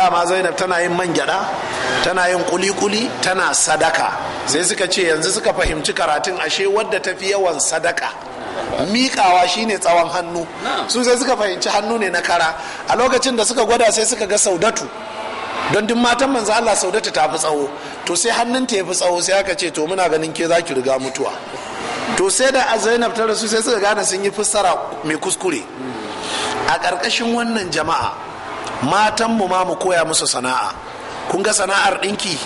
dama zainab tana yin man gyada tana yin kuli-kuli tana sadaka sai suka ce yanzu suka fahimci karatun ashe wadda ta fi yawan sadaka miƙawa shine tsawon hannu su sai suka fahimci hannu ne na kara a lokacin da suka gwada sai suka ga saudatu don duk matan manzo Allah saudatu ta fi tsawo to sai hannunta ya fi tsawo sai aka ce to muna ganin ke za ki riga mutuwa to sai da zainab ta rasu sai suka gane sun yi fassara mai kuskure a ƙarƙashin wannan jama'a matan mu ma mu koya musu sana'a kun ga sana'ar ɗinki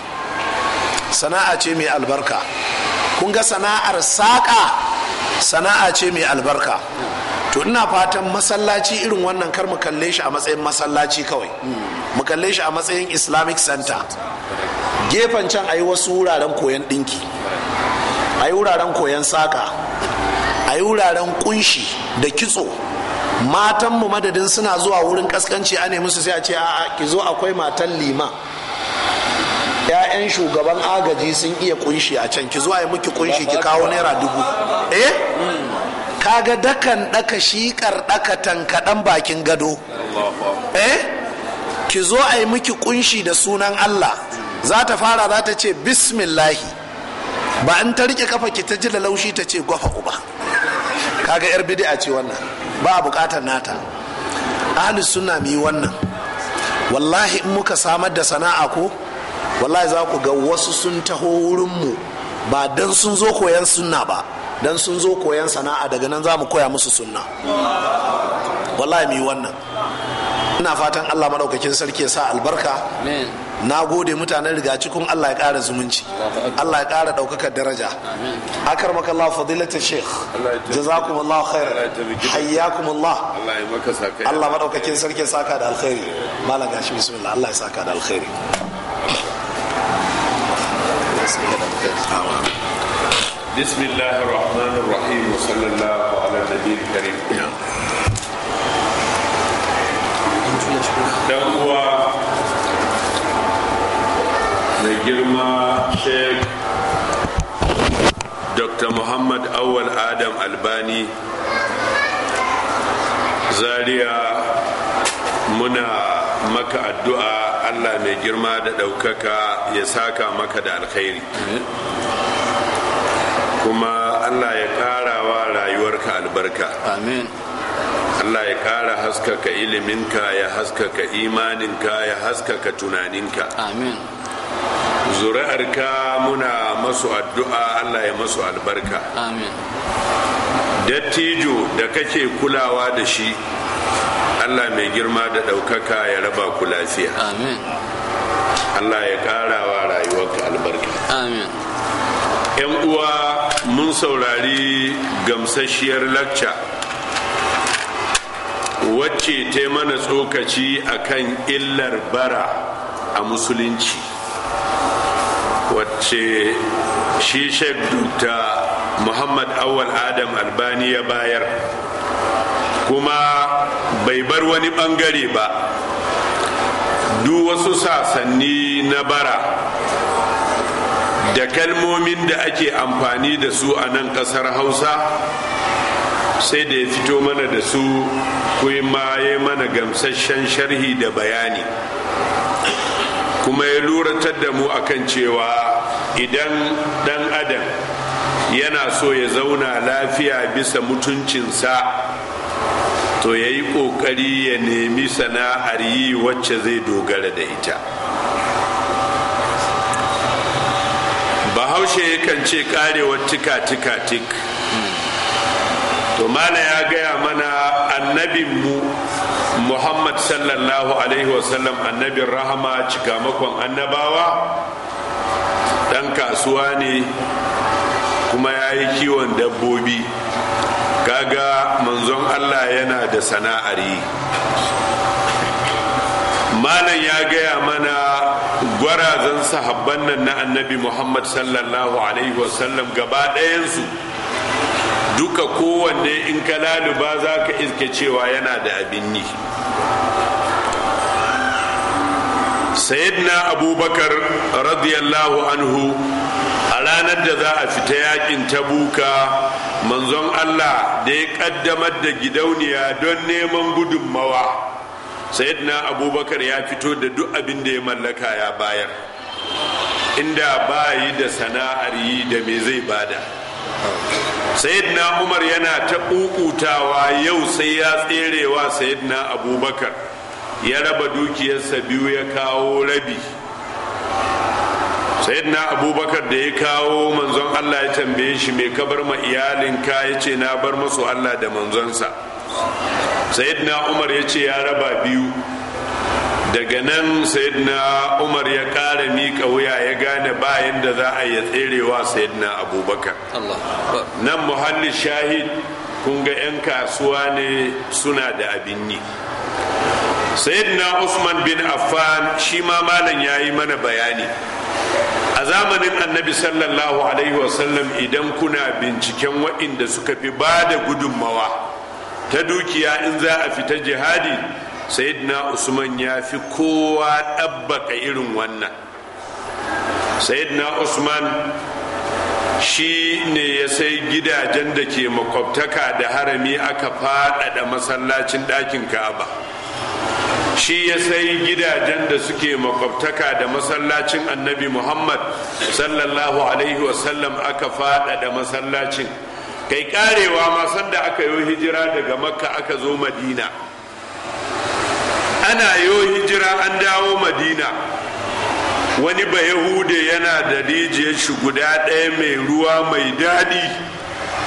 sana'a ce mai albarka kun ga sana'ar saƙa sana'a ce mai albarka to ina fatan masallaci irin wannan kar mu kalle shi a matsayin masallaci kawai mu kalle shi a matsayin islamic center gefen can a yi wasu wuraren koyon ɗinki a yi wuraren koyon saƙa a yi wuraren kunshi da kitso matanmu madadin suna zuwa wurin kaskanci a musu sai a ce a'a ki zo akwai matan lima ‘ya'yan shugaban agaji sun iya kunshi a can ki a yi muki kunshi ki kawo naira dubu eh kaga dakan daka shikar daka tankaɗan bakin gado eh ki zo a yi miki kunshi da sunan allah za ta fara za ta ce bismillahi ba an ta rike kafa ki ta ji da laushi ta ce gwafa uba kaga yar bid'a ce wannan ba a bukatar nata ahli suna mu yi wannan wallahi in muka samar da sana'a ko wallahi za ku ga wasu sun taho wurinmu ba dan sun zo koyan sunna ba dan sun zo koyan sana'a daga nan za mu koya musu sunna wallahi mu yi wannan ina fatan allah maɗaukakin sarki ya sa albarka na gode mutanen riga rigacikun Allah ya ƙara zumunci Allah ya ƙara ɗaukaka daraja akar maka Allah fadilata sheikh jazakum Allah khair hayyakum Allah Allah maɗaukakin sarki saka da alkhairi malam gashi bismillah Allah ya saka da alkhairi بسم الله الرحمن الرحيم وصلى الله على النبي الكريم dan uwa da girma sheikh dr muhammad awal adam albani zaria muna maka addu'a allah mai girma da ɗaukaka ya saka maka da alkhairi kuma allah ya ƙara wa rayuwarka albarka amin allah ya ƙara haskaka iliminka ya haskaka imaninka ya haskaka tunaninka amin ka muna masu addu'a allah ya masu albarka dattijo da kake kulawa da shi allah mai girma da ɗaukaka ya raba ku lafiya allah ya ƙara wa rayuwarka albarka yan uwa mun saurari gamsasshiyar lacca wacce ta mana tsokaci a kan illar bara a musulunci ce shi shek muhammad awal adam albani ya bayar kuma bai bar wani bangare ba duk wasu sasanni na bara da kalmomin da ake amfani da su a nan kasar hausa sai da ya fito mana da su kuma ya mana gamsasshen sharhi da bayani kuma ya lura da mu akan cewa idan dan adam yana so ya zauna lafiya bisa mutuncinsa to ya yi ƙoƙari ya nemi sana'ar yi wacce zai dogara da ita bahaushe yakan ce karewar tika-tika-tik to mana ya gaya mana annabinmu muhammad sallallahu alaihi wasallam annabin rahama cikamakon annabawa ɗan kasuwa ne kuma ya yi kiwon dabbobi kaga manzon allah yana da sana'ar yi malam ya gaya mana gwarazan sahabban nan na annabi muhammad sallallahu alaihi wasallam gaba ɗayansu duka kowanne in ka laluba za ka iske cewa yana da abin yi sayyidina abubakar radiyallahu anhu a ranar da za a fita yakin buka manzon allah da ya kaddamar da gidauniya don neman gudunmawa sayyidina abubakar ya fito da duk abin da ya mallaka ya bayar inda bayi da sana'ar yi da me zai bada sayyidina umar yana ta kukutawa yau sai ya tserewa sayyidina abubakar ya raba dukiyarsa biyu ya kawo rabi sayyidina abubakar da ya kawo manzon allah ya tambaye shi mai kabar ma iyalinka ya ce na bar masu allah da manzonsa sayyidina umar ya ce ya raba biyu daga nan sayyidina umar ya kara miƙa wuya ya gane bayan da za a yi tserewa sayyidina abubakar nan muhalli shahid kunga 'yan kasuwa ne suna da abin yi sayyidina usman bin affan shi ma malam ya yi mana bayani a zamanin annabi sallallahu alaihi wasallam idan kuna binciken waɗanda suka fi ba da gudunmawa ta dukiya in za a fita jihadi sayyidina usman ya fi kowa ɗabbaka irin wannan sayyidina usman shi ne ya sai gidajen da ke makwabtaka da harami aka faɗaɗa masallacin ɗakin ka'aba shi ya sai gidajen da suke makwabtaka da masallacin annabi muhammad sallallahu alaihi wasallam aka da masallacin kai karewa ma sanda aka yi hijira daga makka aka zo madina ana yi hijira an dawo madina wani ba yahude yana da rijiyar shi guda ɗaya mai ruwa mai daɗi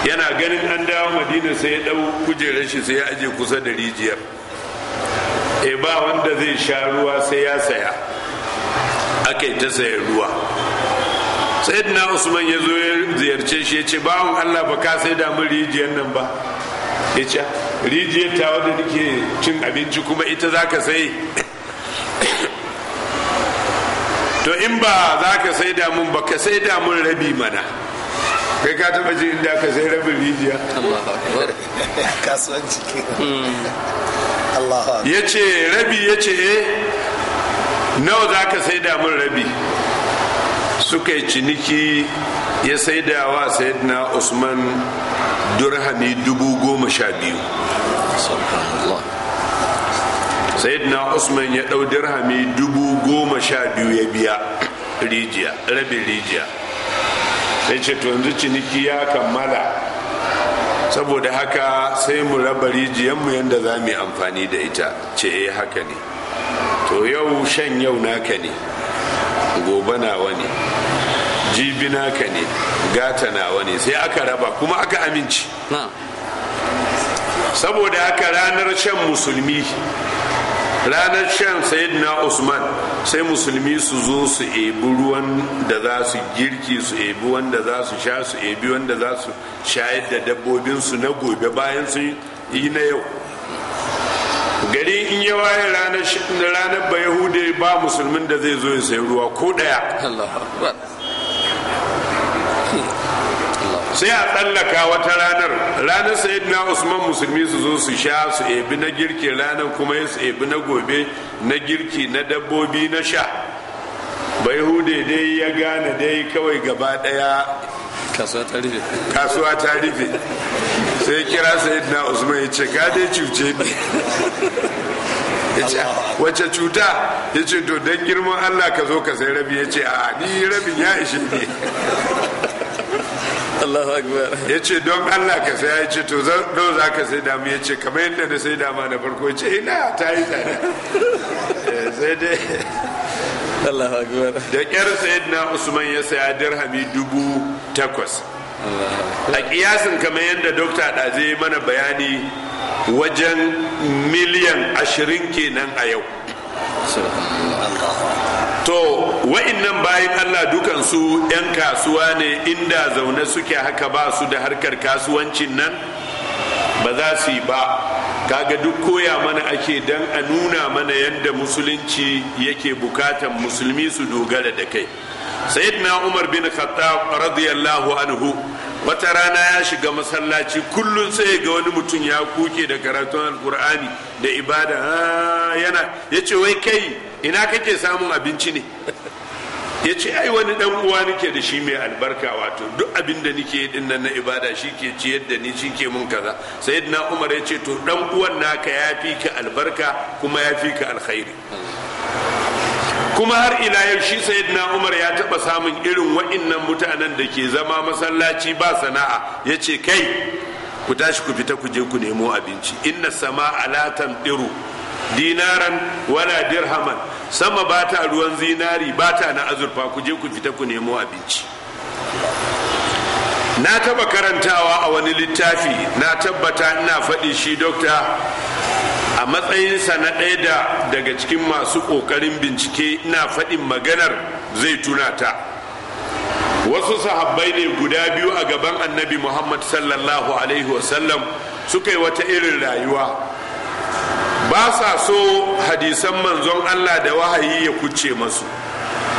yana ganin an dawo madina sai ya ɗau kujerar shi sai ya aje kusa da rijiyar e ba wanda zai sha ruwa sai ya saya ake ta saya ruwa sayyidina usman ya zo ya ziyarce shi ya ce bawon allah ba ka sai damu rijiyar nan ba ya ce rijiyar ta wadda nake cin abinci kuma ita za ka sai to in ba za ka sai damun ba ka sai damun rabi mana kai ka taba ji inda ka sai rabin rijiya kasuwanci ya ce rabi ya ce e eh, nawa za ka sai da mun rabi suka yi ciniki ya sai da wa na usman durhami dubu goma sha biyu na usman ya ɗau dirhami dubu goma sha biyu ya biya rijiya rabin rijiya sai ce to yanzu ciniki ya kammala saboda haka sai mu raba mu yadda za mu yi amfani da ita ce eh haka ne to yau shan yau naka ne gobe nawa ne jibi naka ne gata nawa ne sai aka raba kuma aka aminci saboda haka ranar shan musulmi ranar shan sayidina usman sai musulmi su zo su ebi ruwan da za su girki su ebi wanda za su sha su ebi wanda za su shayar da dabbobinsu na gobe bayan su yi na yau gari in yi waye ranar ba yahude ba musulmin da zai zo ya sayi ruwa ko daya sai a tsallaka wata ranar ranar Sayyidina na usman musulmi su zo su sha su ebi na girki ranar kuma ya su ebi na gobe na girki na dabbobi na sha bai hude dai ya gane dai kawai gaba daya kasuwa ta rufe sai kira na usman ya ce ka cuce ne wace cuta ya ce to don girman allah ka zo ka sai rabi ya ce a ni rabin ya ishe ne Allahu akbar yace don Allah ka sai ce to zan za ka sai da mu ce kamar yadda na sai da ma na farko ce ina eh, ta yi tsada eh, sai dai Allahu akbar da kyar sayyidina Usman ya saya dirhami dubu takwas a kiyasin kamar yadda dokta ɗaze mana bayani wajen miliyan ashirin kenan a yau to wa'innan bayan Allah dukansu 'yan kasuwa ne inda zaune suke haka ba su da harkar kasuwancin nan ba za su yi ba kaga duk koya mana ake don a nuna mana yadda musulunci yake bukatan musulmi su dogara da kai na umar bin khattab radiyallahu anhu wata rana ya shiga masallaci kullum sai ga wani mutum ya kuke da karatun alkur'ani da ibada yana ya ce wai kai ina kake samun abinci ne ya ce ai wani dan uwa nake da shi mai albarka wato duk abin da nake din nan na ibada shi ke ciyar da ni shi ke mun kaza sayyidina umar ya ce to dan uwan naka ya fi ka albarka kuma ya fi ka alkhairi kuma har ila yau shi sayyidina umar ya taba samun irin wa'innan mutanen da ke zama masallaci ba sana'a ya ce kai ku tashi ku fita ku je ku nemo abinci inna sama alatan ɗiru dinaran wala dirhaman sama ba ta ruwan zinari ba ta na azurfa ku je ku fita ku nemo abinci na taba karantawa a wani littafi na tabbata ina faɗi shi dokta a matsayinsa na ɗaya da daga cikin masu ƙoƙarin bincike na faɗin maganar zai tuna ta wasu sahabbai ne guda biyu a gaban annabi muhammad sallallahu alaihi wasallam suka yi wata irin rayuwa ba sa so hadisan manzon allah da wahayi ya kuce masu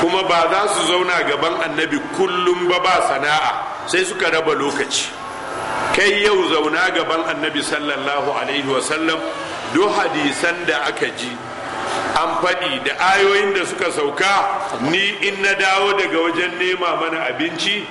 kuma ba za su zauna gaban annabi kullum ba ba sana'a sai suka raba lokaci kai yau zauna gaban annabi sallallahu alaihi wasallam duk hadisan da aka ji an faɗi da ayoyin da suka sauka ni in na dawo daga wajen nema mana abinci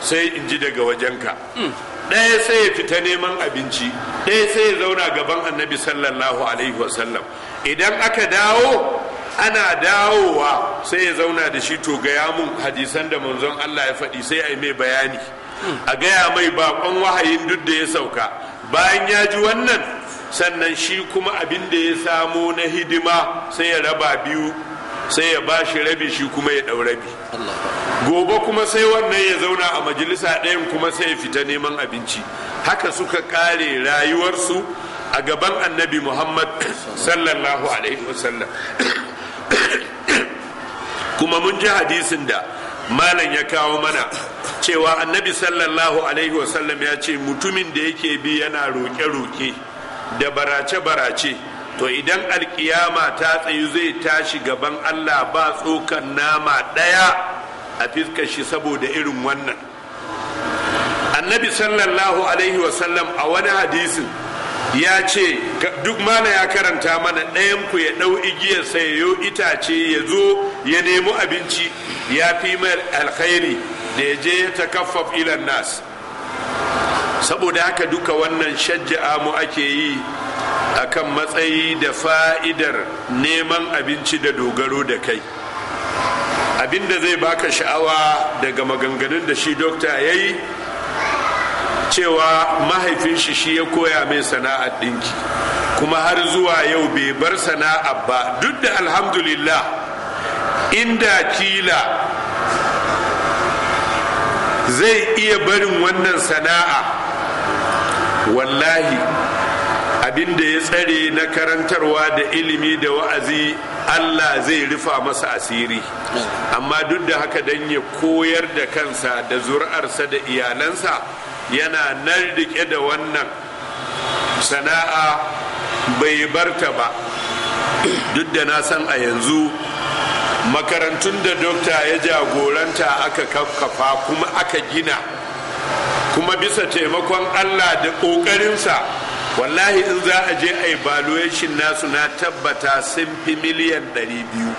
sai in ji daga wajenka hmm. ɗaya sai ya fita neman abinci ɗaya sai ya zauna gaban annabi sallallahu alaihi wasallam idan aka dawo ana dawowa sai ya zauna da shi to gaya mun hadisan da manzon Allah ya faɗi sai a yi mai bayani hmm. a gaya mai baƙon wahayin duk da ya sauka bayan ya ji wannan sannan shi kuma abin da ya samu na hidima sai ya raba biyu sai ya ba shi rabi shi kuma ya ɗau rabi gobe kuma sai wannan ya zauna a majalisa ɗayan kuma sai ya fita neman abinci haka suka ƙare rayuwarsu a gaban annabi muhammad sallallahu alaihi wasallam kuma mun ji hadisin da malam ya kawo mana cewa annabi sallallahu alaihi wasallam ya ce mutumin da yake bi yana roke roke. da barace-barace to idan alkiyama ta tsayu zai tashi gaban allah ba tsokan nama ɗaya a fiskar shi saboda irin wannan annabi sallallahu alaihi wasallam a wani hadisin ya ce duk mana ya karanta mana ɗayan ku ya ɗau igiyarsa ya yo itace ya zo ya nemi abinci ya fi mai alkhairi da ya je ya takaffaf ilan nas saboda haka duka wannan shajja'a mu ake yi akan matsayi da fa'idar neman abinci da dogaro da kai abinda zai baka sha'awa daga maganganun da shi dokta ya yi cewa mahaifin shi shi ya koya mai sana'ar ɗinki kuma har zuwa yau bai bar sana'a ba duk da alhamdulillah inda kila zai iya barin wannan sana'a wallahi abin da ya tsare na karantarwa da ilimi da wa'azi allah zai rufa masa asiri amma duk da haka dan ya koyar da kansa da zuri'arsa da iyalansa yana nan rike da wannan sana'a bai barta ba duk da na san a yanzu makarantun da dokta ya jagoranta aka kafa kuma aka gina kuma bisa taimakon allah da ƙoƙarinsa wallahi in za a je a evaluation nasu na tabbata sun fi miliyan 200 hmm.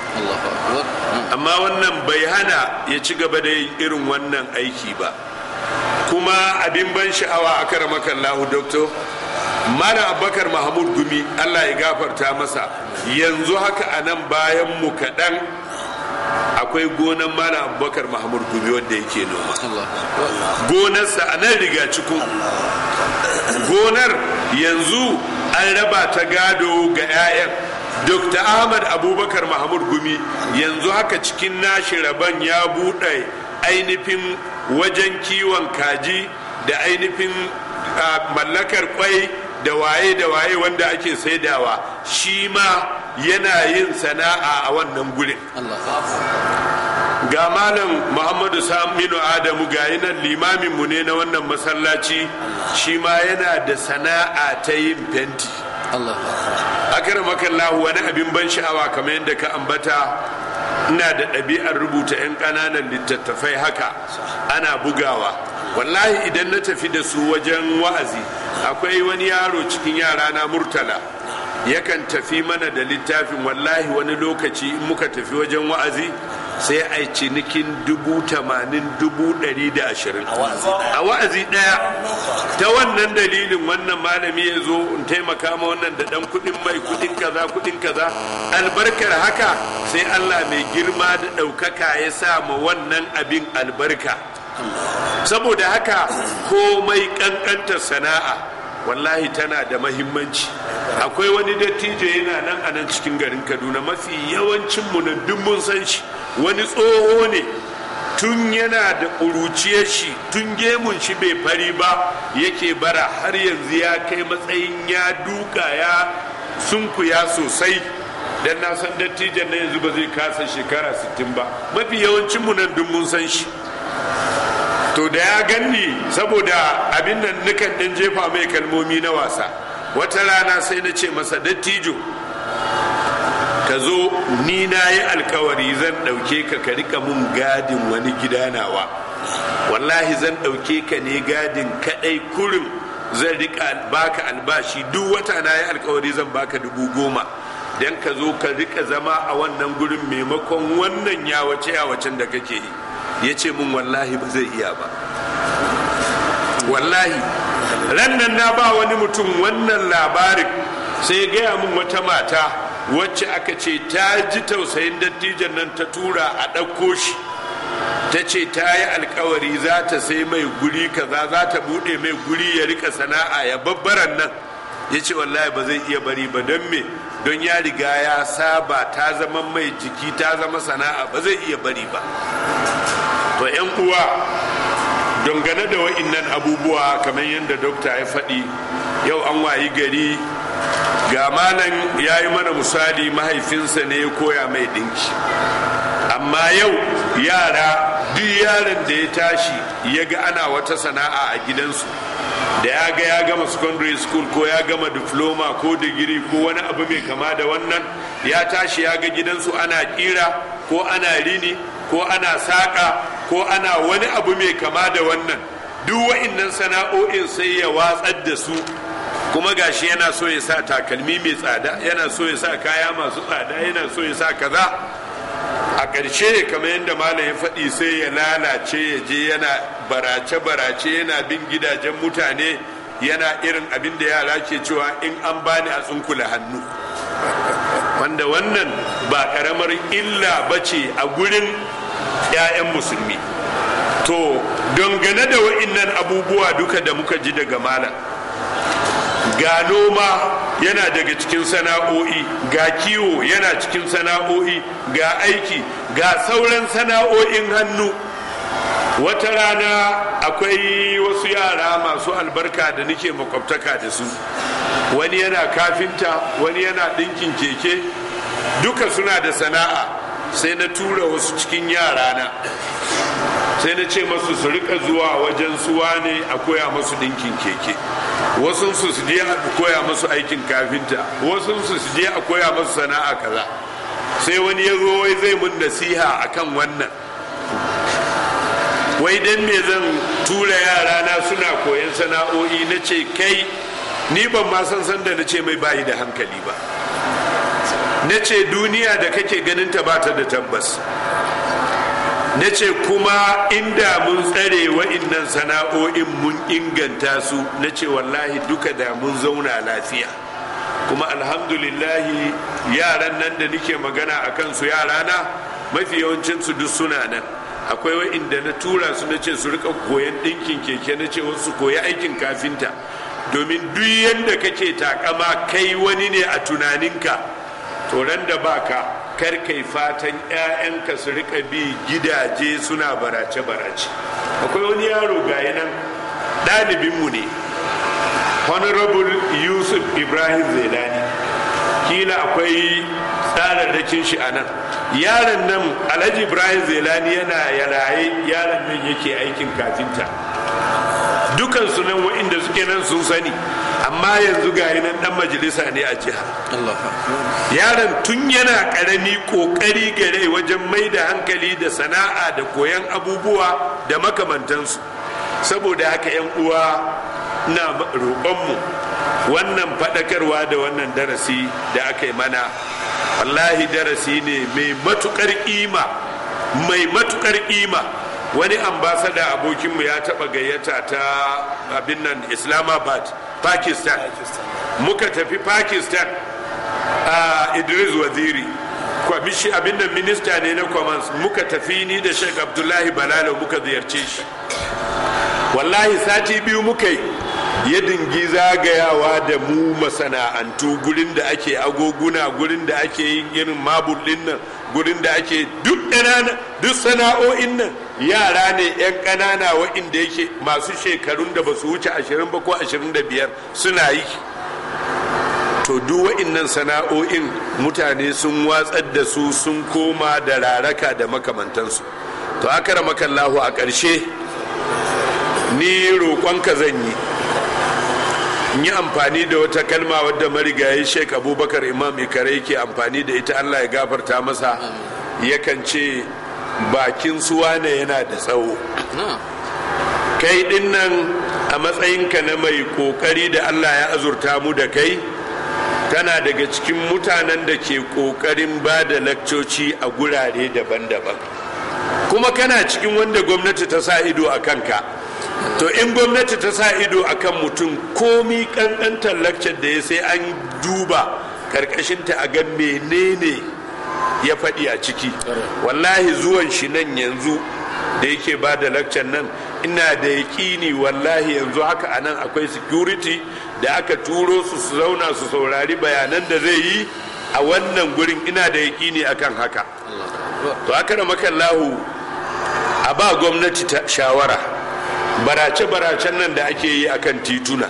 amma wannan bai hana ya ci gaba da yin irin wannan aiki ba kuma abin ban sha'awa a karamakan lahu doktor mara abakar mahmud gumi allah ya gafarta masa yanzu haka a nan bayan mu kaɗan akwai gonan Mara abubakar mahamud gumi wanda yake noma gonarsa a nan riga cikin gonar yanzu an raba ta gado ga 'ya'yan dr ahmad abubakar mahamud gumi yanzu haka cikin nashi rabon ya buɗe ainihin wajen kiwon kaji da ainihin ah, mallakar kwai da waye da waye wanda ake saidawa shi ma yana yin sana'a a wannan gurin ga malam muhammadu saminu adamu ga nan limamin mu ne na wannan masallaci shi ma yana da sana'a ta yin fenti akaramakallahu wani abin ban sha'awa kamar yadda ka ambata ina da ɗabi'ar rubuta 'yan ƙananan littattafai haka ana bugawa wallahi idan na tafi da su wajen wa'azi akwai wani yaro cikin yara na murtala yakan tafi mana da littafin wallahi wani lokaci in muka tafi wajen wa'azi sai a yi cinikin dubu tamanin dubu ɗari da ashirin a wa'azi ɗaya ta wannan dalilin wannan malami ya zo in taimaka ma wannan da ɗan kuɗin mai kuɗin kaza kuɗin kaza albarkar haka sai allah mai girma da ɗaukaka ya sa ma wannan abin albarka saboda haka komai ƙanƙantar sana'a wallahi tana da mahimmanci akwai wani dattijo yana nan a nan cikin garin kaduna mafi yawancin mu na mun san shi wani tsoho ne tun yana da ƙuruciyar shi tun gemun shi bai fari ba yake bara har yanzu ya kai matsayin ya duka ya sunkuya sosai dan na san dattijan na yanzu ba zai kasa shekara 60 ba mafi yawancin mu nan mun san shi to da ya ganni saboda abin nan nukan dan jefa mai kalmomi na wasa wata rana sai na ce masa dattijo ka zo ni na yi alkawari zan ɗauke ka ka rika mun gadin wani gidanawa. wallahi zan ɗauke ka ne gadin kaɗai kurin zan rika baka albashi duk wata na yi alkawari zan baka dubu goma don ka zo ka rika zama a wannan gurin maimakon wannan yawace yawacen da kake yi ya ce mun wallahi ba zai iya ba wallahi rannan na ba wani mutum wannan labarin sai ya gaya mun wata mata wacce aka ce ta ji tausayin dattijan nan ta tura a ɗauko shi ta ce ta yi alkawari za ta sai mai guri kaza za ta buɗe mai guri ya rika sana'a ya babbaran nan ya ce wallahi ba zai iya bari ba don me don ya riga ya saba ta zama mai jiki ta zama sana'a ba zai iya bari ba to 'yan uwa dangane da wa'innan abubuwa kamar yadda dokta ya faɗi yau an wayi gari ga manan ya yi mana misali mahaifinsa ne ya koya mai ɗinki amma yau yara duk yaron da ya tashi ya ga ana wata sana'a a gidansu da ya ga ya gama secondary school ko ya gama diploma ko digiri ko wani abu mai kama da wannan ya tashi ya ga gidansu ana kira ko ana rini ko ana saƙa ko ana wani abu mai kama da wannan duk wa'innan sana'o'in sai ya watsar da su kuma gashi yana so ya sa takalmi mai tsada yana so ya sa kaya masu tsada yana so ya sa kaza a ƙarshe kamar yadda malam ya faɗi sai ya lalace ya je yana barace-barace yana bin gidajen mutane yana irin abin da yara ke cewa in an bani a tsunkula hannu wanda wannan ba ƙaramar illa ba ce a gurin 'ya'yan musulmi to dangane da wa'innan abubuwa duka da muka ji daga malam ga noma yana daga cikin sana'o'i ga kiwo yana cikin sana'o'i ga aiki ga sauran sana'o'in hannu wata rana akwai wasu yara masu albarka da nake makwabtaka da su wani yana kafinta wani yana ɗinkin keke duka suna da sana'a sai na tura wasu cikin yarana sai na ce masu su rika zuwa wajen suwa ne a koya masu ɗinkin keke wasu su su je a koya masu aikin kafinta wasu su su je a koya masu sana'a kaza sai wani ya zo wai zai mun nasiha akan wannan wai dan me zan tura yara na suna koyan sana'o'i na ce kai ni ban ma san san da na ce mai bayi da hankali ba na ce duniya da kake ganin ta bata da tabbas na ce kuma inda mun tsare innan sana'o'in mun inganta su na ce wallahi duka da mun zauna lafiya kuma alhamdulillahi yaran nan da nike magana a kansu yarana mafi yawancinsu duk suna nan akwai wa'inda na tura su na ce su rika koyan ɗinkin keke na ce wasu koya aikin kafinta domin duk yadda kake takama kai wani ne a tunaninka to ran da baka karkai fatan 'ya'yanka su rika bi gidaje suna barace-barace akwai wani yaro gaya nan ɗalibinmu ne honorable yusuf ibrahim Zainani. kila akwai tsararrakin shi a nan yaron nan alhaji ibrahim Zainani yana yalaye yaron nan yake aikin kafinta dukansu nan wa'inda suke nan sun sani amma yanzu gari nan dan majalisa ne a jiha yaron tun yana karami kokari gare wajen mai da hankali da sana'a da koyan abubuwa da makamantansu saboda haka 'yan uwa na roƙonmu wannan faɗakarwa da wannan darasi da aka yi mana wallahi darasi ne mai matuƙar ƙima mai matuƙar ƙima wani ambasada abokinmu ya taɓa gayyata ta abin nan islamabad pakistan muka tafi pakistan a idris waziri kwamishi abin nan minista ne na commons muka tafi ni da sheikh abdullahi balalo muka ziyarce shi wallahi sati biyu muka yi ya dingi zagayawa da mu masana'antu gurin da ake agoguna gurin da ake yin irin mabul nan gurin da ake duk sana'o'in nan yara ne 'yan ƙanana waɗanda yake masu shekarun da ba su wuce 20 ba ko 25 suna yi to duk waɗannan sana'o'in mutane sun watsar da su sun koma da raraka da makamantansu to rama kallahu a ƙarshe ni roƙonka zan yi yi amfani da wata kalma wadda marigayi sheik abubakar imam ikare yake amfani da ita allah ya gafarta masa yakan ce bakin suwa ne yana da tsawo kai din nan a matsayinka na mai kokari da allah ya azurta mu da kai tana daga cikin mutanen da ke kokarin ba da lakcoci a gurare daban-daban kuma kana cikin wanda gwamnati ta sa ido a kanka to in gwamnati ta sa ido a kan mutum komi kankantar lakcar da ya sai an duba karkashinta a ga menene ya faɗi a ciki wallahi zuwan shi nan yanzu da yake ba da lakcan nan ina da yaƙini wallahi yanzu haka a nan akwai security da aka turo su su zauna su saurari bayanan da zai yi a wannan gurin ina da yaƙini akan haka to haka da makallahu a ba gwamnati shawara barace-baracen nan da ake yi akan tituna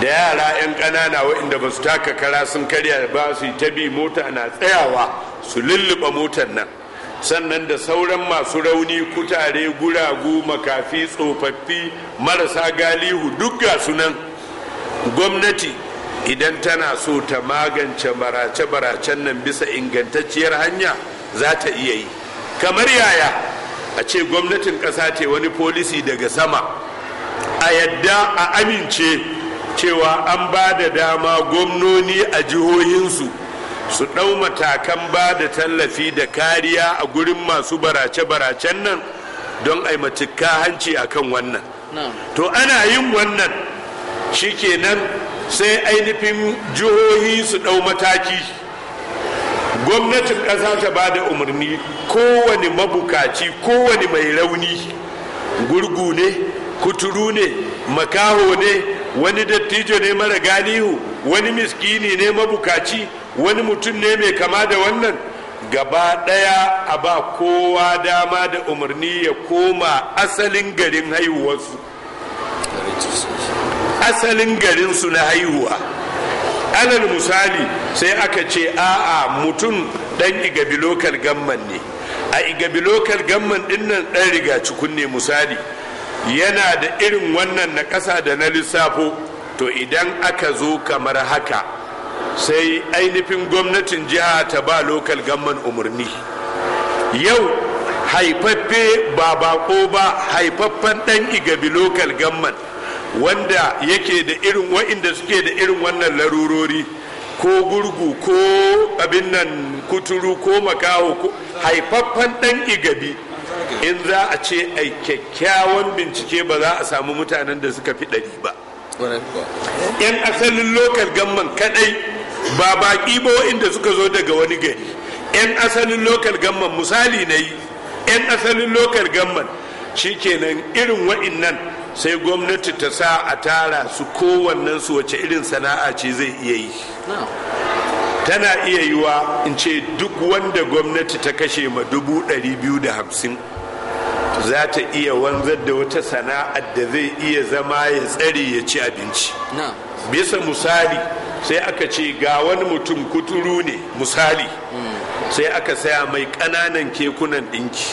da yara 'yan ƙanana waɗanda ba su taka kara sun karya ba su yi ta bi mota na tsayawa su lulluɓa motar nan sannan da sauran masu rauni kutare guragu makafi tsofaffi marasa galihu duk ga sunan gwamnati idan tana so ta magance barace-baracen nan bisa ingantacciyar hanya za ta iya yi kamar yaya a ce gwamnatin ƙasa ce wani folisi daga sama a yadda a amince cewa an ba da dama gwamnoni a jihohinsu su ɗau matakan ba da tallafi da kariya a gurin masu barace-baracen nan don aimacika hanci a kan wannan to ana yin wannan shi shikenan sai ainihin jihohi su ɗau mataki gwamnatin ƙasa ta ba da umarni kowane mabukaci kowane mai rauni gurgu ne kuturu ne makaho ne wani dattijo ne mara ganihu wani miskini ne mabukaci wani mutum ne mai kama da wannan gaba ɗaya a ba kowa dama da umarni ya koma asalin garin haihuwarsu asalin garinsu na haihuwa alal misali sai aka ce a'a mutum ɗan igabi lokal gamman ne a igabi lokal gamman ɗinnan ɗan riga cikun ne misali yana da irin wannan na ƙasa da na lissafo to idan aka zo kamar haka sai ainihin gwamnatin jiha ta ba lokal gamman umarni yau haifaffe ba bako ba haifaffen dan igabi lokal gamman wanda yake da irin wa'inda suke da irin wannan larurori ko gurgu ko abin nan kuturu ko makaho ko haifaffen dan igabi in za a ce a kyakkyawan bincike ba za a samu mutanen da suka fi ɗari ba yan asalin lokal gamman kadai ba baƙi ba inda suka zo daga wani gari yan asalin lokal gamman misali na yi yan asalin lokal gamman shikenan irin wa'innan sai gwamnati ta sa a tara su kowannen su wace irin sana'a ce zai iya yi tana iya yiwa in ce duk wanda gwamnati ta kashe ma dubu ɗari biyu da hamsin za ta iya wanzar da wata sana'ar da zai iya zama ya tsari ya ci abinci bisa misali sai aka ce ga wani mutum kuturu ne misali sai aka saya mai ƙananan kekunan ɗinki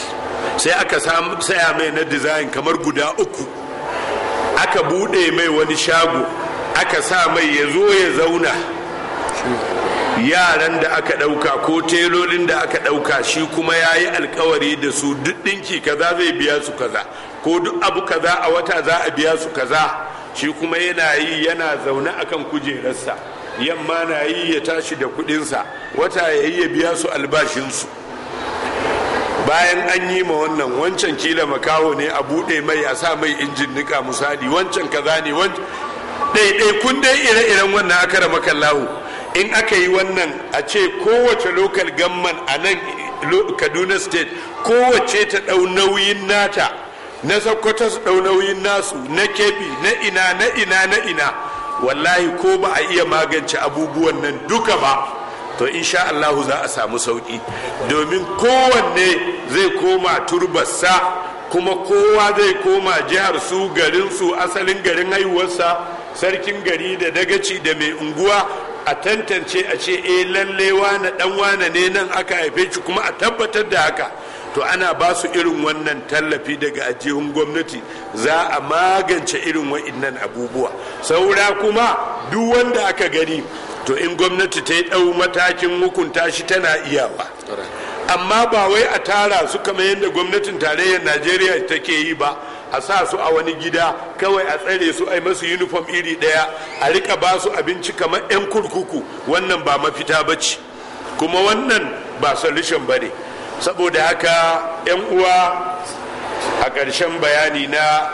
sai aka saya mai na dizayin kamar guda uku aka buɗe mai wani shago aka sa mai ya zo ya zauna yaran da aka ɗauka ko telolin da aka ɗauka shi kuma ya yi alkawari da su duk ɗinki kaza zai biya su kaza ko duk abu kaza a wata za a biya su kaza shi kuma yana yi yana zaune a kan kujerarsa yamma na yi ya tashi da kuɗinsa wata ya yi ya biya su albashinsu bayan an yi ma wannan wancan kila makaho ne a buɗe mai a sa mai injin nika misali wancan kaza ne wancan ɗaiɗaikun dai ire-iren wannan aka rama lahu. in aka yi wannan a ce kowace lokal gamman a nan kaduna state kowace ta ɗau nauyin nata na sokoto ɗau nauyin nasu na kebi na ina na ina na ina wallahi ko ba a iya magance abubuwan nan duka ba to insha Allahu za a samu sauki domin kowanne zai koma turbarsa kuma kowa zai koma jihar su garinsu, asalin garin haihuwarsa sarkin gari da dagaci da mai unguwa a tantance a ce eh lalle wane dan wane ne nan aka haife shi kuma a tabbatar da haka to ana ba su irin wannan tallafi daga ajihun gwamnati za a magance irin wa'innan abubuwa saura kuma duk wanda aka gani to in gwamnati ta yi ɗau matakin hukunta shi tana iyawa amma ba wai a tara su kamar yadda gwamnatin tarayyar najeriya take yi ba a sa su a wani gida kawai a tsare su a masu uniform iri ɗaya a rika ba su abinci kamar 'yan kurkuku wannan ba mafita ba ce kuma wannan ba solution ba ne saboda haka 'yan uwa a ƙarshen bayani na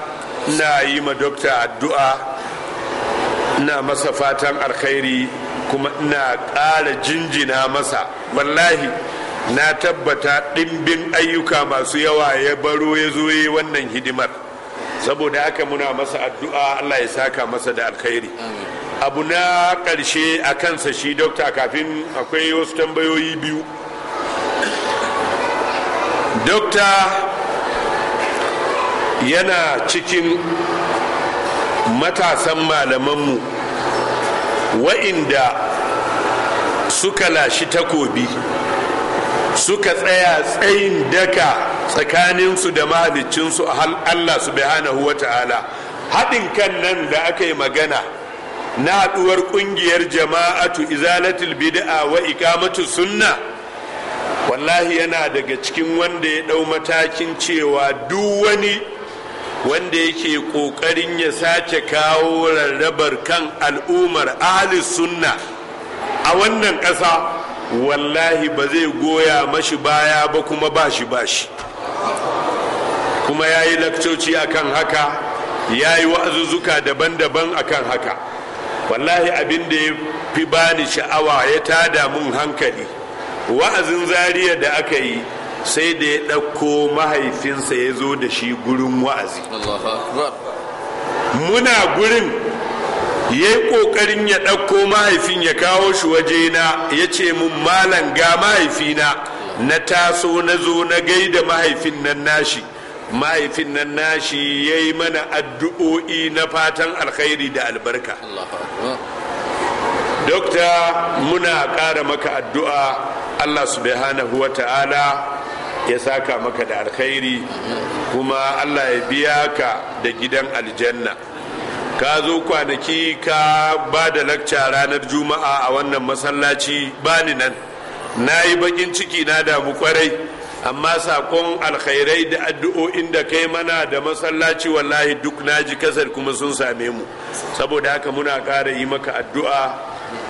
na yi ma dokta addu'a na masa fatan alkhairi kuma na ƙara jinjina masa wallahi na tabbata ɗimbin ayyuka masu yawa ya baro ya zo wannan hidimar saboda aka muna masa addu'a Allah ya saka masa da alkhairi abu na ƙarshe a kansa shi dokta kafin akwai wasu tambayoyi biyu dokta yana cikin matasan malamanmu wa'inda suka lashi takobi suka tsaya tsayin daka tsakaninsu da mahaliccinsu Allah subhanahu wa ta'ala haɗin kan nan da aka yi magana na haɗuwar ƙungiyar jama'atu izalatul bid'a wa ikamatu sunna wallahi yana daga cikin wanda ya ɗau matakin cewa duk wani wanda yake ƙoƙarin ya sace kawo rarrabar kan al'ummar ahli sunna a wannan ƙasa wallahi ba zai goya mashi baya ba kuma ba shi ba shi kuma ya yi lakcoci akan haka ya yi wa'azuzzuka daban-daban akan haka wallahi abin da ya fi bani sha'awa ya tada mun hankali wa'azin zariya da aka yi sai da ya ɗauko mahaifinsa ya zo da shi gurin wa'azi muna gurin ya yi ƙoƙarin ya ɗauko mahaifin ya kawo shi wajena ya ce mun malam ga mahaifina na taso na zo na gaida mahaifin nan nashi mahaifin nan nashi ya yi mana addu'o'i na fatan alkhairi da albarka dokta muna ƙara maka addu'a allah subhanahu wa ta'ala ya saka maka da alkhairi kuma allah ya biya ka da gidan aljanna ka zo kwanaki ka ba da lakca ranar juma'a a wannan masallaci ba ni nan na yi bakin ciki na damu kwarai amma sakon alkhairai da addu'o'in da kai mana da masallaci wallahi duk na ji kasar kuma sun same mu saboda haka muna ƙara yi maka addu'a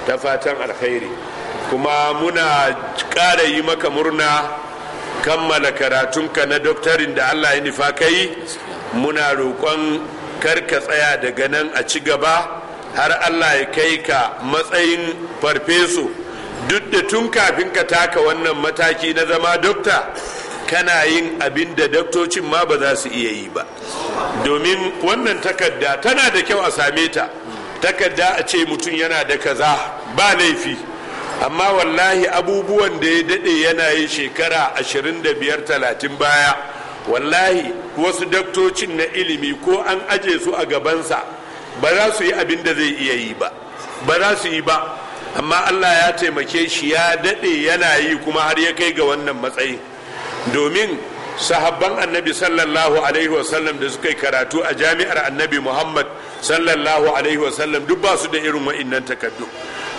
ta fatan alkhairi kuma muna ƙara yi maka murna kammala karatunka na doktarin da allah ya nufa kai muna roƙon kar ka tsaya daga nan a ci gaba har allah ya kai ka matsayin farfeso duk da tun kafin ka taka wannan mataki na zama dokta kana yin abin da daktocin ma ba za su iya yi ba domin wannan takarda tana da kyau a same ta takarda a ce mutum yana da kaza ba laifi amma wallahi abubuwan da ya daɗe yana yi shekara 25-30 baya wallahi wasu daktocin na ilimi ko an aje su a gabansa ba za su yi abin da zai iya yi ba ba za su yi ba amma allah ya taimake shi ya daɗe yana yi kuma har ya kai ga wannan matsayi domin sahabban annabi sallallahu alaihi wasallam da suka yi karatu a jami'ar annabi muhammad sallallahu alaihi wasallam duk ba su da irin wa'innan takardu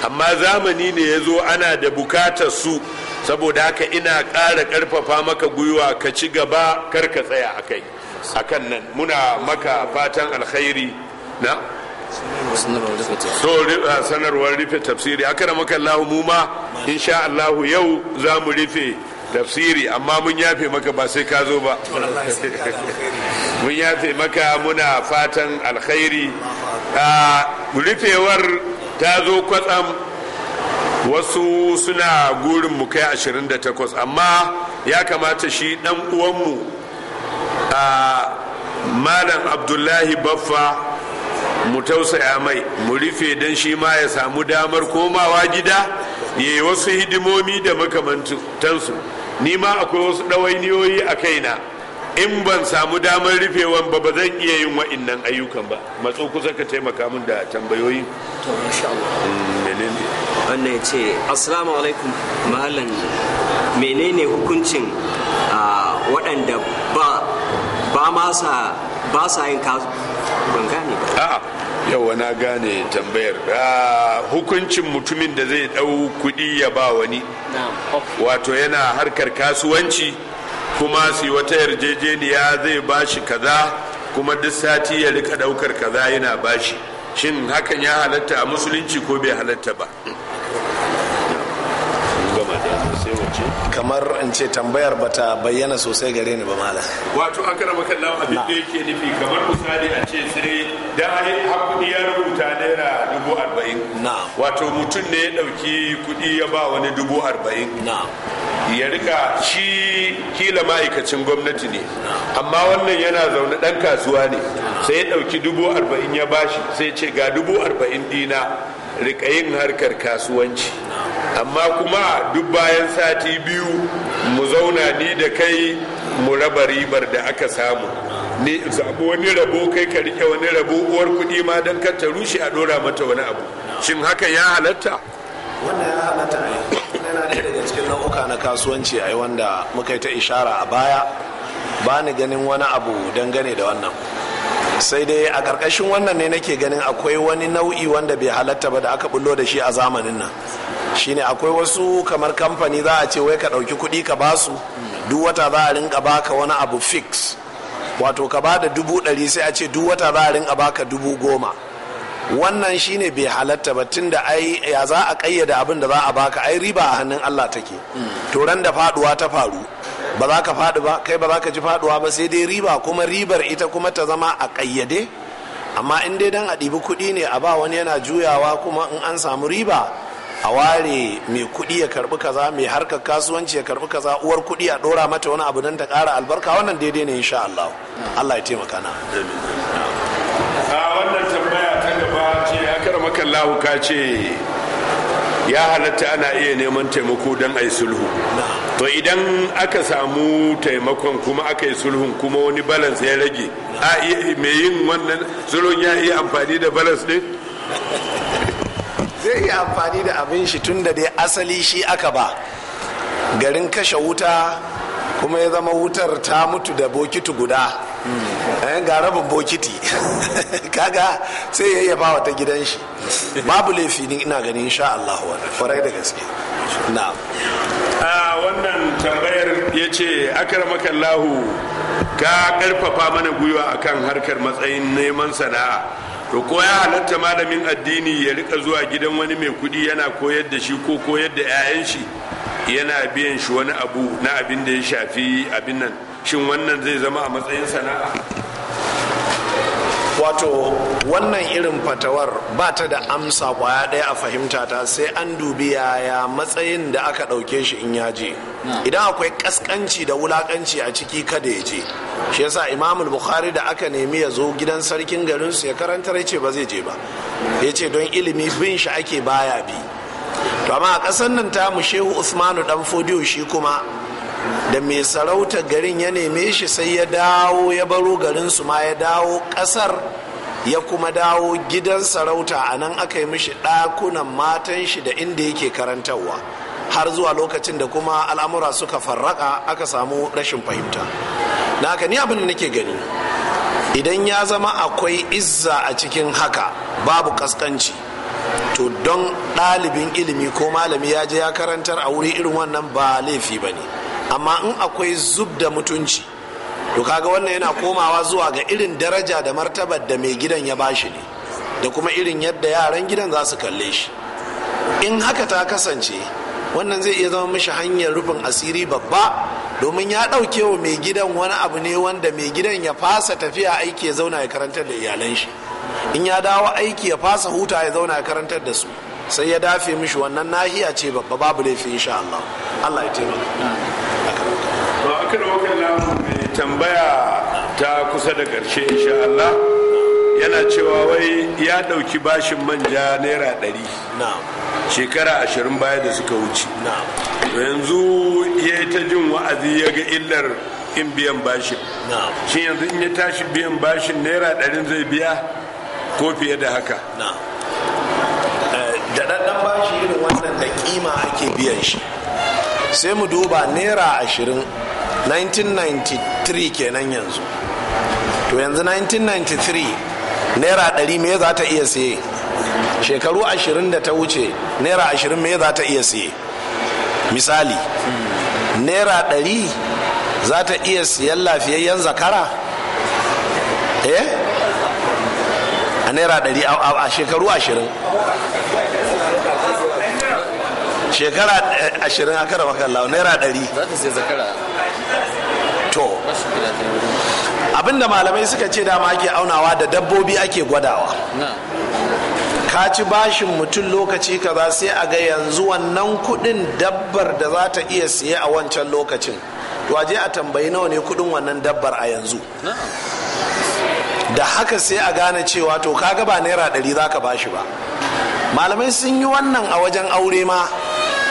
amma zamani ne ya zo ana da bukatar su saboda haka ina ƙara ƙarfafa maka gwiwa ka ci gaba karka tsaya a kai a kan nan muna maka fatan alkhairi na sanarwar rufe tafsiri aka da maka Allah mu ma insha allahu yau za mu rufe tafsiri amma mun yafe maka ba sai ka zo ba mun yafe maka muna fatan alkhairi rufewar ta zo kwatsam wasu suna gurin mu kai 28 amma ya kamata shi dan uwanmu a malam abdullahi baffa mu tausaya mai mu rufe don shi ma ya samu damar komawa gida ya yi wasu hidimomi da makamantansu ni ma akwai wasu ɗawainiyoyi a kaina in ban samu damar rufewan ba ba zan iya yin wa'innan ayyukan ba matso kusa ka taimaka min da tambayoyi to insha Allah mm, wannan ya ce assalamu alaikum mallan menene hukuncin waɗanda ba ba ma sa ba sa yin kasu ban gane ba A'a, yau na gane tambayar hukuncin mutumin da zai ɗau kuɗi ya ba wani wato yana harkar kasuwanci kuma su wata yarjejeniya zai ba shi kaza kuma duk sati ya rika daukar kaza yana ba shi. shin hakan ya halatta a musulunci ko bai halatta ba kamar in ce tambayar bata bayyana sosai gare ni ba mala wato an maka kallon abin da yake nufi kamar misali a ce sai da hakuri ya rubuta naira dubu arba'in wato mutum ne ya ɗauki kuɗi ya ba wani dubu arba'in ya rika shi kila ma'aikacin gwamnati ne amma wannan yana zaune ɗan kasuwa ne sai ya ɗauki dubu arba'in ya bashi sai ce ga dubu arba'in dina rika yin harkar kasuwanci amma kuma duk bayan sati biyu mu zauna ni da kai mu raba ribar da aka samu ne zaɓi wani rabo kai ka rike wani rabo uwar kuɗi ma don ka ta rushe a ɗora mata wani abu shin haka ya halatta na kasuwanci a yi wanda muka yi ta ishara a baya ba ni ganin wani abu dangane da wannan sai dai a ƙarƙashin wannan ne nake ganin akwai wani nau'i wanda bai halatta ba da aka bullo da shi a zamanin nan shine akwai wasu kamar kamfani za a ce wai ka ɗauki kuɗi ka basu duk wata za a rinka baka wani abu fix wato ka ba da dubu ɗari sai a ce duk wata za a rinka baka dubu goma wannan shine bai halatta ba tunda ai ya za a kayyada abin da za a baka ai riba a hannun Allah take to ran da faduwa ta faru ba za ka faɗi ba kai ba za ka ji faduwa ba sai dai riba kuma ribar ita kuma ta zama a kayyade amma in dai dan a ɗibi kuɗi ne a ba wani yana juyawa kuma in an samu riba a ware mai kuɗi ya karɓi kaza mai harkar kasuwanci ya karbi kaza uwar kuɗi a ɗora mata wani abu don ta ƙara albarka wannan daidai ne insha Allah Allah ya taimaka na. akaramaka Allahu ka ce ya halatta ana iya neman taimako don a yi sulhu to idan aka samu taimakon kuma aka yi sulhun kuma wani balance ya rage a mai yin wannan sulhun ya iya amfani da balance ne? zai iya amfani da abin shi tun da dai asali shi aka ba garin kashe wuta kuma ya zama wutar ta mutu da bokitu guda kenan ga rabin bokiti kaga sai ya yaba wata gidan shi babu laifi ne ina ganin insha Allah kwarai da gaske na wannan tambayar yace ce akaramaka ka karfafa mana gwiwa akan harkar matsayin neman sana'a to ko ya halatta malamin addini ya rika zuwa gidan wani mai kudi yana koyar da shi ko koyar da 'ya'yan shi yana biyan shi wani abu na abin da ya shafi abin nan shin wannan zai zama a matsayin sana'a wato wannan irin fatawar ba ta da amsa kwaya ɗaya a fahimta ta sai an dubi yaya matsayin da aka ɗauke shi in ya je idan akwai ƙasƙanci da wulaƙanci a ciki kada ya je shi yasa imamul bukhari da aka nemi ya zo gidan sarkin garin su ya karanta ya ce ba zai je ba ya ce don ilimi bin shi ake baya bi to amma a ƙasar nan ta mu shehu usmanu dan fodiyo shi kuma da mai sarauta garin ya neme shi sai ya dawo ya baro garinsu ma ya dawo ƙasar ya kuma dawo gidan sarauta a nan aka yi mishi ɗakunan matan shi da inda yake karantarwa har zuwa lokacin da kuma al'amura suka farraka aka samu rashin fahimta na haka ni abin da nake gani idan ya zama akwai izza a cikin haka babu kaskanci to don ɗalibin ilimi ko malami ya je ya karantar a wuri irin wannan ba laifi ba ne amma in akwai zub da mutunci to kaga wannan yana komawa zuwa ga irin daraja da martabar da mai gidan ya bashi ne da kuma irin yadda yaran gidan za su kalle shi in haka ta kasance wannan zai iya zama mishi hanyar rufin asiri babba domin ya ɗauke wa mai gidan wani abu ne wanda mai gidan ya fasa tafiya aiki ya zauna ya karantar da iyalan shi in ya dawo aiki ya fasa huta ya zauna ya karantar da su sai ya dafe mishi wannan nahiya ce babba babu laifin insha Allah Allah ya taimaka akar mai tambaya ta kusa da ƙarshe insha Allah yana cewa wai ya ɗauki bashin manja naira ɗari shekara ashirin baya da suka wuce yanzu ya yi ta jin wa'azi ya ga illar in biyan bashin shi yanzu in ya tashi biyan bashin naira ɗarin zai biya ko fiye da haka eh, da bashi irin wannan da kima ake biyan shi sai mu duba naira ashirin 1993 kenan yanzu to yanzu 1993 naira 100 me za ta iya siye shekaru 20 da ta wuce naira 20 me za ta iya siye misali naira 100 za ta iya siyan lafiyayyen zakara eh a naira 100 a shekaru 20 shekara 20 a kara makalla naira 100 za ta siya zakara to abinda malamai suka ce dama ake aunawa da dabbobi ake gwadawa ka ci bashin mutum lokaci kaza sai a ga yanzu wannan kudin dabbar da za ta iya siye a wancan lokacin waje a tambayi nawa ne kudin wannan dabbar a yanzu da haka sai a gane cewa to kaga ba naira ɗari za ka bashi ba malamai sun yi wannan a wajen aure ma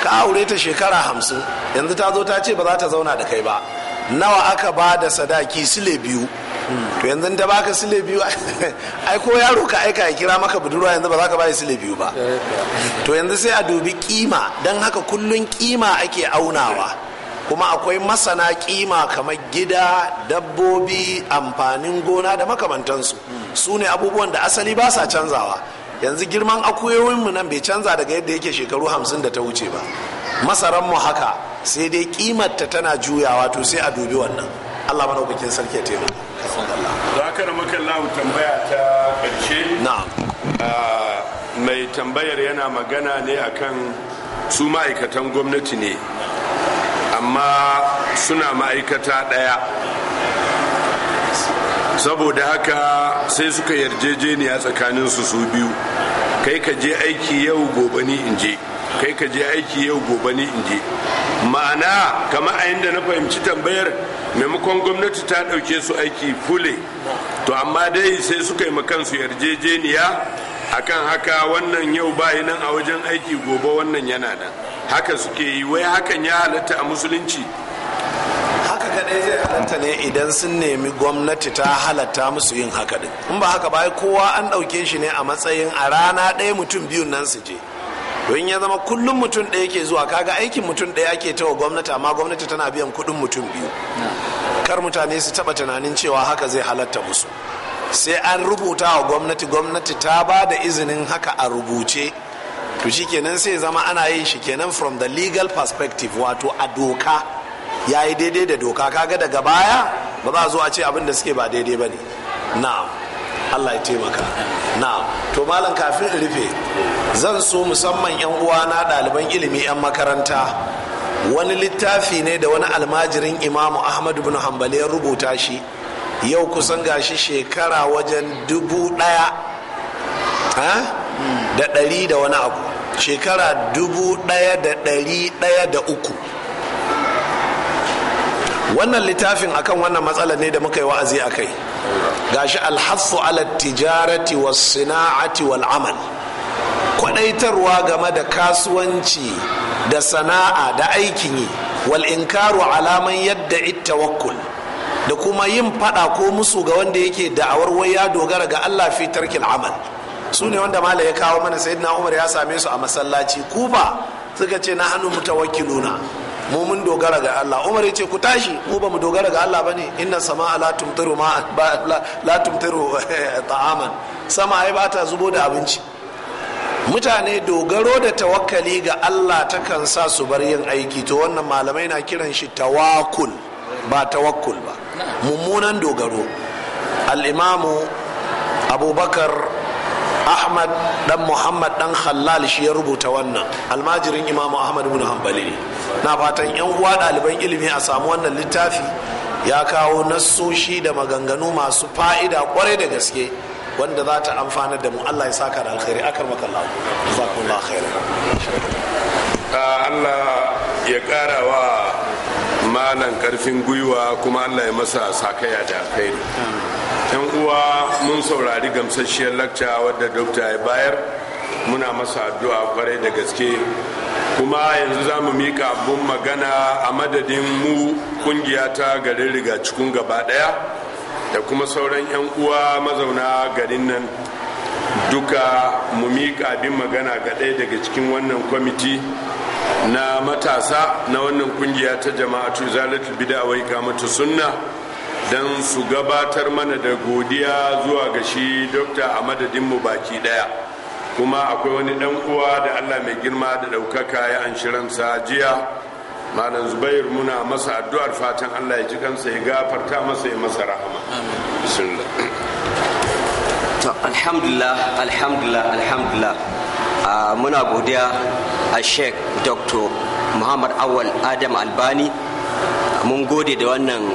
ka aure ta shekara hamsin yanzu ta zo ta ce ba za ta zauna da kai ba nawa aka ba da sadaki sile biyu to yanzu da baka sile biyu ai ko yaro ka aika ya kira maka budurwa yanzu ba za ka ba sile biyu ba to yanzu sai a dubi kima don haka kullun kima ake aunawa kuma akwai masana kima kamar gida dabbobi amfanin gona da makamantansu su ne abubuwan da asali ba sa canzawa yanzu girman akuyoyinmu nan bai canza daga yadda yake shekaru hamsin da ta wuce ba masaran mu haka sai dai ta tana juyawa to sai a dubi wannan Allah madaukakin sarki ya taimaka za ka da makallahu tambaya ta ƙarshe na ah, mai tambayar yana magana ne akan su ma'aikatan gwamnati ne amma suna ma'aikata ɗaya saboda haka sai suka yarjejeniya tsakaninsu su biyu kai ka je aiki yau gobani in je kai ka je aiki yau gobe ni in je ma'ana kama a inda na fahimci tambayar maimakon gwamnati ta ɗauke su aiki fule to amma dai sai suka yi su yarjejeniya akan haka wannan yau bayi nan a wajen aiki gobe wannan yana nan haka suke yi wai hakan ya halatta a musulunci haka kaɗai zai halatta ne idan sun nemi gwamnati ta halatta musu yin haka din in ba haka ba kowa an ɗauke shi ne a matsayin a rana ɗaya mutum biyun nan su je don ya zama kullum mutum ɗaya ke zuwa kaga aikin mutum ɗaya ake wa gwamnati amma gwamnati tana biyan kuɗin mutum biyu kar mutane su taɓa tunanin cewa haka zai halatta musu sai an rubuta wa gwamnati gwamnati ta ba da izinin haka a rubuce to kenan sai zama ana yin shi kenan from the legal perspective wato a doka ya yi daidai da doka kaga daga baya ba za a zo a ce abin da suke ba daidai ba ne na'am allah ya taimaka na to malam kafin in rufe zan so musamman yan uwana ɗaliban ilimi yan makaranta wani littafi ne da wani almajirin imamu ahmadu bin hanbali ya rubuta shi yau kusan gashi shekara wajen dubu ɗaya da ɗari da wani abu shekara dubu ɗaya da ɗari ɗaya da uku wannan littafin akan wannan matsala ne da muka yi wa'azi a kai gashi alhassu ala tijarati was sana'ati wal amal kwadaitarwa game da kasuwanci da sana'a da aikin yi wal inkaru alaman yadda ittawakkul da kuma yin fada ko musu ga wanda yake da'awar wai ya dogara ga Allah fi tarkin amal su ne wanda mala ya kawo mana sayyidina Umar ya same su a masallaci kufa suka ce na hannu mutawakkiluna mu mun dogara ga Allah Umar ya ce ku tashi mu ba mu dogara ga Allah bane inna sama la tumtiru ma la tumtiru eh, ta'aman sama ai ba ta zubo da abinci mutane dogaro da tawakkali ga Allah ta kan sa su bar yin aiki to wannan malamai na kiran shi tawakkul ba tawakkul ba mummunan dogaro al-imamu abubakar ahmad dan muhammad dan khallal shi ya rubuta wannan almajirin imamu ahmad ibn hanbali ne na fatan yan uwa ɗaliban ilimi a samu wannan littafi ya kawo nassoshi da maganganu masu fa'ida kwarai da gaske wanda za ta amfana da mu Allah ya saka da alkhairi akar makallahu jazakumullahu khairan ah, Allah ya ƙara wa malan karfin gwiwa kuma Allah ya masa sakaya da alkhairi yan uwa mun saurari gamsasshiyar lakca wadda dokta ya bayar muna masa addu'a kwarai da gaske kuma yanzu za mu mika abin magana a madadin mu kungiya ta garin riga cikin gaba daya da kuma sauran 'yan uwa mazauna garin nan duka mu mika abin magana ga ɗaya daga cikin wannan kwamiti na matasa na wannan kungiya ta jama'atu zalatul bid'a wai kamata sunna don su gabatar mana da godiya zuwa ga shi dokta a mu baki ɗaya. kuma akwai wani dan uwa da allah mai girma da daukaka ya an shirin jiya malam zubair muna masa addu'ar fatan allah ya ji kansa ya gafarta masa ya masa rahama bismillah alhamdulillah alhamdulillah alhamdulillah ah, muna godiya a sheik dr muhammad awal adam albani mun gode da wannan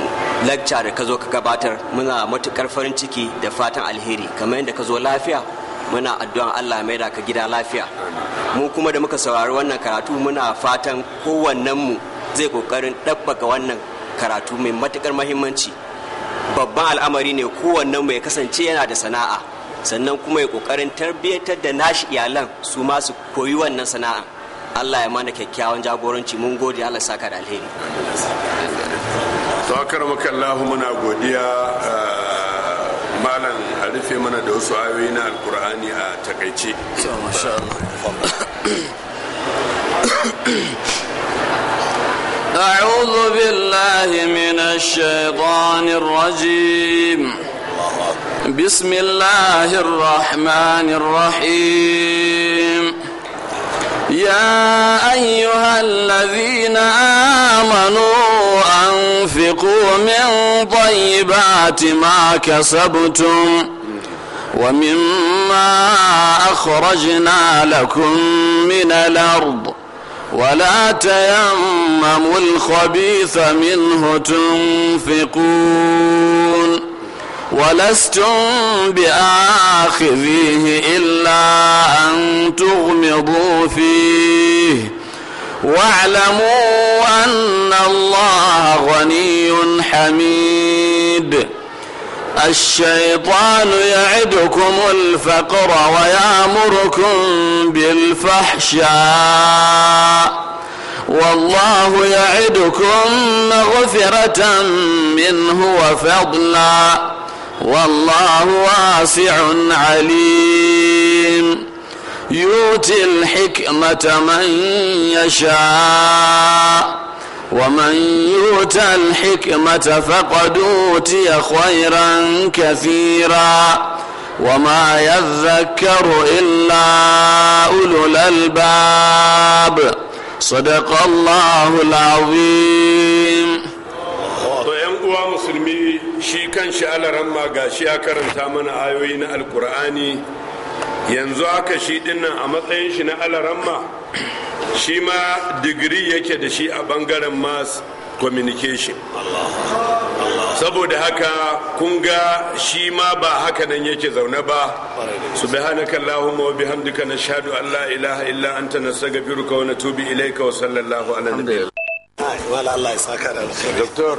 lacca da ka zo ka gabatar muna matukar farin ciki da fatan alheri kamar yadda ka zo lafiya muna addu'an Allah mai da ka gida lafiya mu kuma da muka saurari wannan karatu muna fatan kowannen mu zai kokarin ɗabbaka wannan karatu mai matukar mahimmanci babban al'amari ne kowannen mu ya kasance yana da sana'a sannan kuma ya kokarin tarbiyatar da nashi iyalan su ma su koyi wannan sana'a Allah ya mana kyakkyawan jagoranci mun gode Allah saka da alheri to akar maka Allah muna godiya eh, rufe mana da wasu ayoyi na alkur'ani a takaice أعوذ بالله من الشيطان الرجيم بسم الله الرحمن الرحيم يا أيها الذين آمنوا أنفقوا من طيبات ما كسبتم ومما أخرجنا لكم من الأرض ولا تيمموا الخبيث منه تنفقون ولستم بآخذيه إلا أن تغمضوا فيه واعلموا أن الله غني حميد الشيطان يعدكم الفقر ويامركم بالفحشاء والله يعدكم مغفرة منه وفضلا والله واسع عليم يؤتي الحكمة من يشاء ومن يؤت الحكمة فقد أوتي خيرا كثيرا وما يذكر إلا أولو الألباب صدق الله العظيم وإن قوى مسلمي قاشيا كرمتا من آيوين القرآن ينزوك شيدنا أمطين شنعل رمى shi ma digiri yake da shi a bangaren mass communication saboda haka kun ga shi ma ba haka nan yake zaune ba su subhanaka allahumma wa bihamdika na an allah ilaha illa anta nastaghfiruka wa natubu na wa sallallahu ala nabiyyina ya